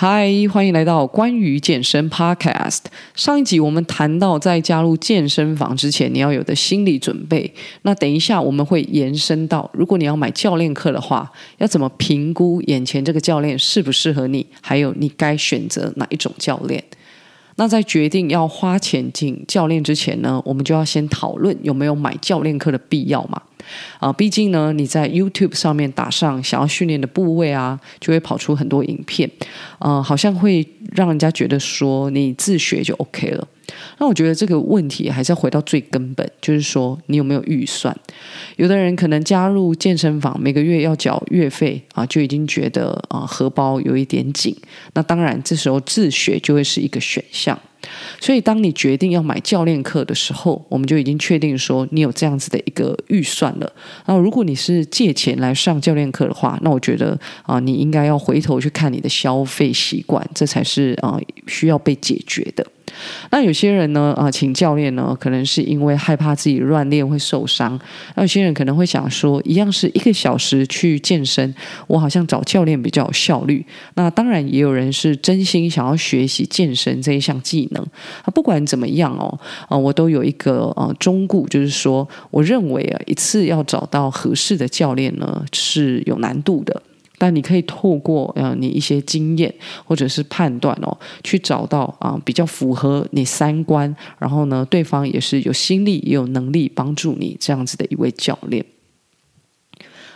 嗨，Hi，歡迎來到關於健身 Podcast。上一集我們談到，在加入健身房之前，你要有的心理準備。那等一下我們會延伸到，如果你要買教練課的話，要怎麼評估眼前這個教練適不適合你，還有你該選擇哪一種教練。那在決定要花錢請教練之前呢，我們就要先討論有沒有買教練課的必要嘛？啊，畢竟呢，你在 YouTube 上面打上想要訓練的部位啊，就會跑出很多影片，啊、呃，好像會讓人家覺得說你自學就 OK 了。那我覺得這個問題還是要回到最根本，就是說你有沒有預算？有的人可能加入健身房，每個月要繳月費啊、呃，就已經覺得啊、呃，荷包有一點緊。那當然，這時候自學就會是一個選項。所以，當你決定要買教練課的時候，我們就已經確定說你有這樣子的一個預算了。那如果你是借錢來上教練課的話，那我覺得啊、呃，你應該要回頭去看你的消費習慣，這才是啊、呃，需要被解決的。那有些人呢，啊、呃，請教練呢，可能是因為害怕自己亂練會受傷。那有些人可能會想說，一樣是一個小時去健身，我好像找教練比較有效率。那當然，也有人是真心想要學習健身這一項技能。啊，不管怎麼樣哦，啊、呃，我都有一個啊忠、呃、告，就是說，我認為啊，一次要找到合適的教練呢，是有難度的。但你可以透過呃你一些經驗或者是判斷哦，去找到啊、呃、比較符合你三觀，然後呢，對方也是有心力也有能力幫助你這樣子的一位教練。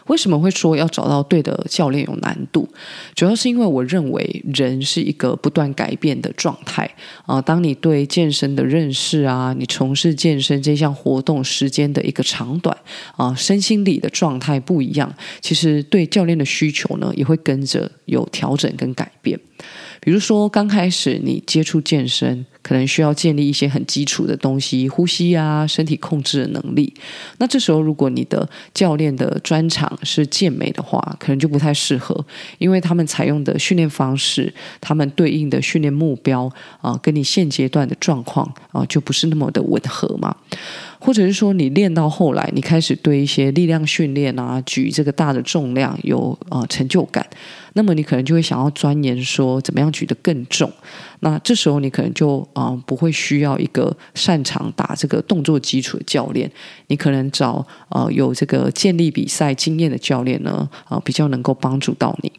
為什麼會說要找到對的教練有難度？主要是因為我認為人是一個不斷改變的狀態啊。當你對健身的認識啊，你從事健身這項活動時間的一個長短啊，身心理的狀態不一樣，其實對教練的需求呢，也會跟着有調整跟改變。比如說剛開始你接觸健身。可能需要建立一些很基礎的東西，呼吸啊，身體控制的能力。那這時候，如果你的教練的專長是健美的話，可能就不太適合，因為他們採用的訓練方式，他們對應的訓練目標啊，跟你現階段的狀況啊，就不是那麼的吻合嘛。或者是說，你練到後來，你開始對一些力量訓練啊，舉這個大的重量有啊、呃、成就感，那麼你可能就會想要鑽研說，怎麼樣舉得更重。那這時候你可能就啊、呃、不會需要一個擅長打這個動作基礎的教練，你可能找呃有這個健力比賽經驗的教練呢，啊、呃、比較能夠幫助到你。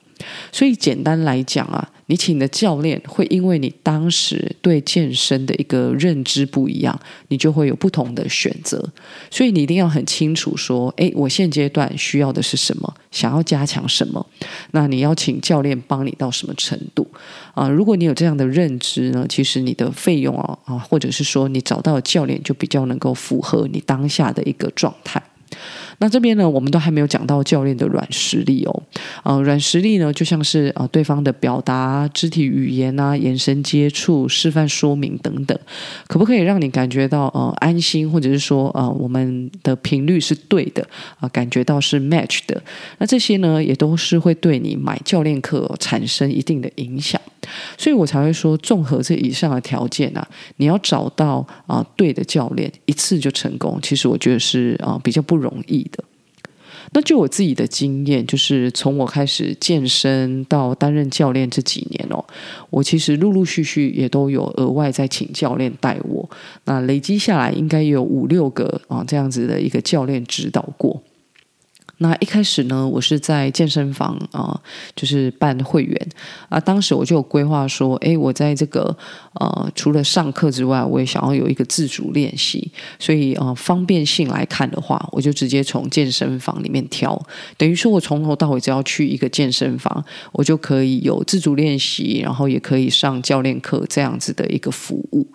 所以簡單來講啊，你請的教練會因為你當時對健身的一個認知不一樣，你就會有不同的選擇。所以你一定要很清楚說，哎，我現階段需要的是什麼，想要加強什麼，那你要請教練幫你到什麼程度啊？如果你有這樣的認知呢，其實你的費用啊，啊，或者是說你找到教練就比較能夠符合你當下的一個狀態。那這邊呢，我們都還沒有講到教練的軟實力哦。呃，軟實力呢，就像是呃對方的表達、肢體語言啊、眼神接觸、示範說明等等，可不可以讓你感覺到呃安心，或者是說呃我們的頻率是對的啊，呃，感覺到是 match 的。那這些呢，也都是會對你買教練課，哦，產生一定的影響。所以，我才會說，綜合這以上的條件啊，你要找到啊對的教練，一次就成功，其實我覺得是啊比較不容易的。那就我自己的經驗，就是從我開始健身到擔任教練這幾年哦，我其實陸陸續續也都有額外在請教練帶我，那累積下來應該有五六個啊這樣子的一個教練指導過。那一開始呢，我是在健身房啊，呃，就是辦會員啊。當時我就有規劃說，哎，我在這個。呃，除了上課之外，我也想要有一個自主練習，所以呃，方便性來看的話，我就直接從健身房裡面挑，等於說我從頭到尾只要去一個健身房，我就可以有自主練習，然後也可以上教練課這樣子的一個服務。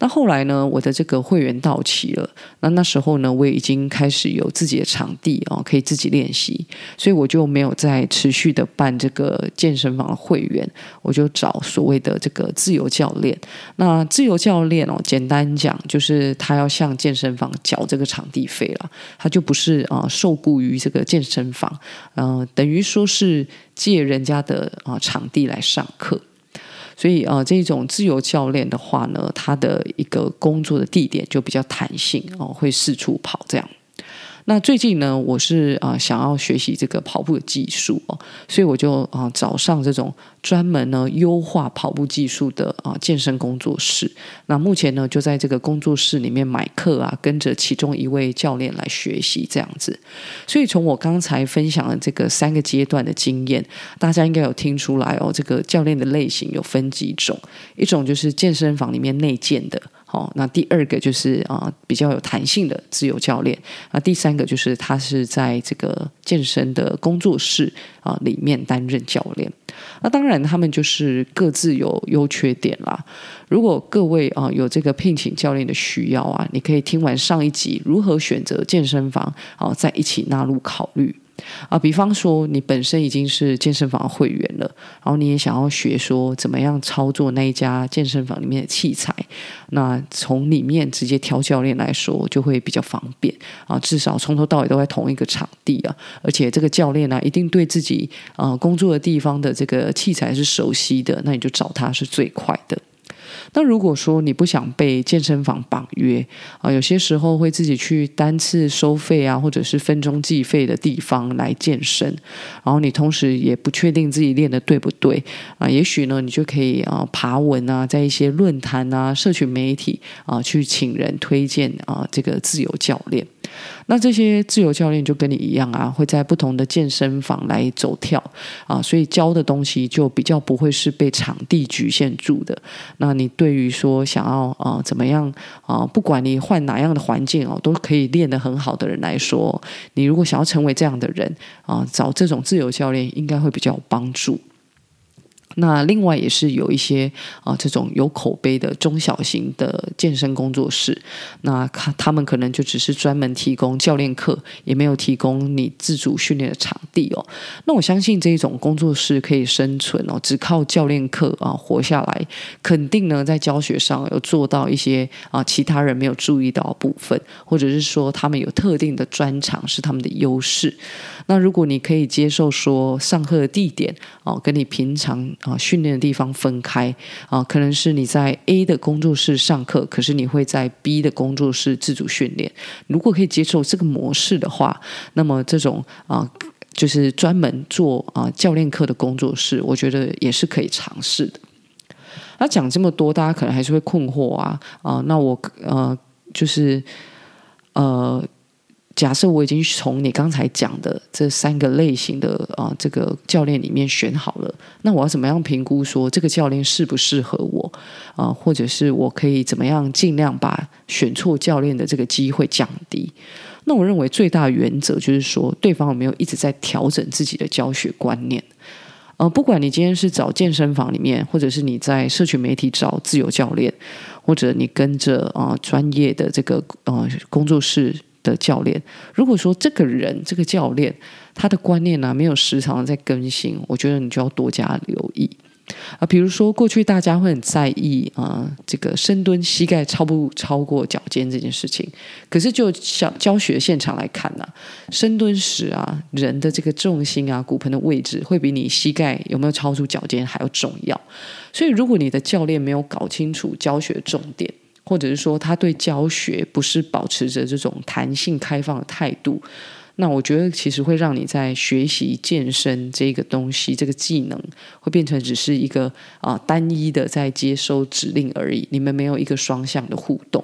那後來呢，我的這個會員到期了，那那時候呢，我也已經開始有自己的場地哦，可以自己練習，所以我就沒有再持續的辦這個健身房的會員，我就找所謂的這個自由教練。那自由教練哦，簡單講就是他要向健身房繳這個場地費了，他就不是啊、呃、受雇於這個健身房，嗯、呃，等於說是借人家的啊、呃、場地來上課，所以啊、呃、這種自由教練的話呢，他的一個工作的地點就比較彈性哦、呃，會四處跑這樣。那最近呢，我是啊想要學習這個跑步的技術哦，所以我就啊找上這種專門呢優化跑步技術的啊健身工作室。那目前呢就在這個工作室裡面買課啊，跟着其中一位教練來學習這樣子。所以從我剛才分享的這個三個階段的經驗，大家應該有聽出來哦，這個教練的類型有分幾種，一種就是健身房裡面內建的。哦，那第二個就是啊，比較有彈性的自由教練。那第三個就是他是在這個健身的工作室啊裡面擔任教練。那當然，他們就是各自有優缺點啦。如果各位啊有這個聘請教練的需要啊，你可以聽完上一集如何選擇健身房，然，啊，在一起納入考慮。啊，比方說你本身已經是健身房會員了，然後你也想要學說怎麼樣操作那一家健身房裡面的器材，那從裡面直接挑教練來說，就會比較方便啊。至少從頭到尾都在同一個場地啊，而且這個教練呢、啊，一定對自己啊、呃、工作的地方的這個器材是熟悉的，那你就找他是最快的。那如果說你不想被健身房綁約啊、呃，有些時候會自己去單次收費啊，或者是分鐘計費的地方來健身，然後你同時也不確定自己練得對不對啊、呃，也許呢，你就可以啊、呃、爬文啊，在一些論壇啊、社群媒體啊、呃，去請人推薦啊、呃、這個自由教練。那這些自由教練就跟你一樣啊，會在不同的健身房來走跳啊，所以教的東西就比較不會是被場地局限住的。那你對於說想要啊怎麼樣啊，不管你換哪樣的環境哦，啊，都可以練得很好的人來說，你如果想要成為這樣的人啊，找這種自由教練應該會比較有幫助。那另外也是有一些啊，這種有口碑的中小型的健身工作室，那他他們可能就只是專門提供教練課，也沒有提供你自主訓練的場地哦。那我相信這一種工作室可以生存哦，只靠教練課啊活下來，肯定呢在教學上有做到一些啊其他人沒有注意到的部分，或者是說他們有特定的專長是他們的優勢。那如果你可以接受說上課的地點哦，啊，跟你平常。啊，訓練的地方分開啊、呃，可能是你在 A 的工作室上課，可是你會在 B 的工作室自主訓練。如果可以接受這個模式的話，那麼這種啊、呃，就是專門做啊、呃、教練課的工作室，我覺得也是可以嘗試的。那講這麼多，大家可能還是會困惑啊啊、呃，那我呃，就是呃。假設我已經從你剛才講的這三個類型的啊、呃、這個教練裡面選好了，那我要怎麼樣評估說這個教練適不適合我啊、呃？或者是我可以怎麼樣盡量把選錯教練的這個機會降低？那我認為最大原則就是說，對方有沒有一直在調整自己的教學觀念。呃，不管你今天是找健身房裡面，或者是你在社群媒體找自由教練，或者你跟着啊、呃、專業的這個呃工作室。的教練，如果說這個人這個教練他的觀念呢、啊、沒有時常的在更新，我覺得你就要多加留意啊。比如說過去大家會很在意啊這個深蹲膝蓋超不超過腳尖這件事情，可是就像教學現場來看呢、啊，深蹲時啊人的這個重心啊骨盆的位置會比你膝蓋有沒有超出腳尖還要重要。所以如果你的教練沒有搞清楚教學重點。或者是說他對教學不是保持着這種彈性開放的態度，那我覺得其實會讓你在學習健身這個東西，這個技能會變成只是一個啊、呃、單一的在接收指令而已，你們沒有一個雙向的互動。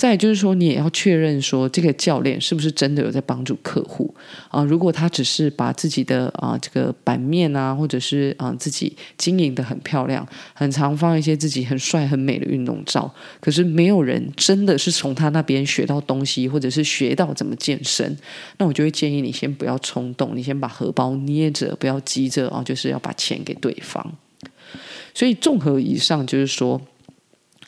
再就是說，你也要確認說，這個教練是不是真的有在幫助客戶啊？如果他只是把自己的啊這個版面啊，或者是啊自己經營得很漂亮，很常放一些自己很帥很美的運動照，可是沒有人真的是從他那邊學到東西，或者是學到怎麼健身，那我就會建議你先不要衝動，你先把荷包捏着，不要急着啊，就是要把錢給對方。所以，綜合以上，就是說。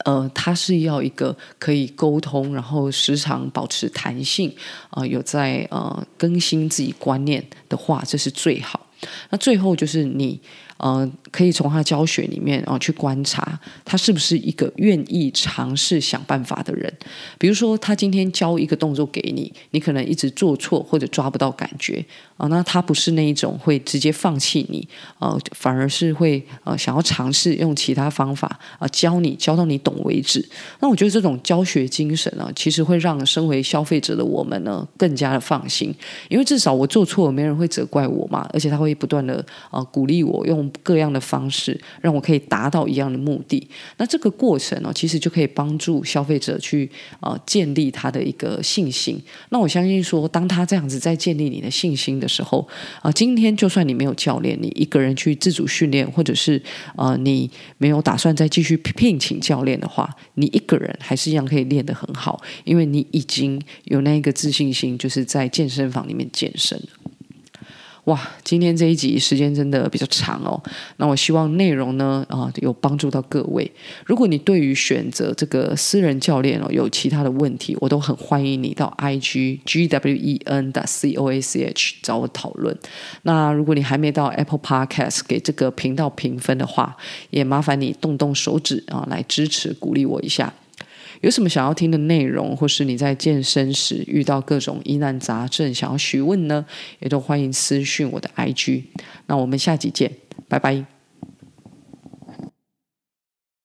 呃，他是要一個可以溝通，然後時常保持彈性，啊、呃，有在呃更新自己觀念的話，這是最好。那最後就是你。嗯、呃，可以從他教學裡面啊、呃、去觀察他是不是一個願意嘗試想辦法的人。比如說，他今天教一個動作給你，你可能一直做錯或者抓不到感覺啊、呃，那他不是那一種會直接放棄你啊、呃，反而是會啊、呃、想要嘗試用其他方法啊、呃、教你，教到你懂為止。那我覺得這種教學精神呢、啊，其實會讓身為消費者的我們呢更加的放心，因為至少我做錯沒人會責怪我嘛，而且他會不斷的啊、呃、鼓勵我用。各樣的方式讓我可以達到一樣的目的。那這個過程呢、哦，其實就可以幫助消費者去呃建立他的一個信心。那我相信說，當他這樣子在建立你的信心的時候啊、呃，今天就算你沒有教練，你一個人去自主訓練，或者是、呃、你沒有打算再繼續聘請教練的話，你一個人還是一樣可以練得很好，因為你已經有那一個自信心，就是在健身房裡面健身。哇，今天這一集時間真的比較長哦。那我希望內容呢，啊，有幫助到各位。如果你對於選擇這個私人教練哦，有其他的問題，我都很歡迎你到 IG gwen.coach 找我討論。那如果你還沒到 Apple Podcast 給這個頻道評分的話，也麻煩你動動手指啊，來支持鼓勵我一下。有什麼想要聽的內容，或是你在健身時遇到各種疑難雜症想要詢問呢？也都歡迎私訊我的 IG。那我們下集見，拜拜。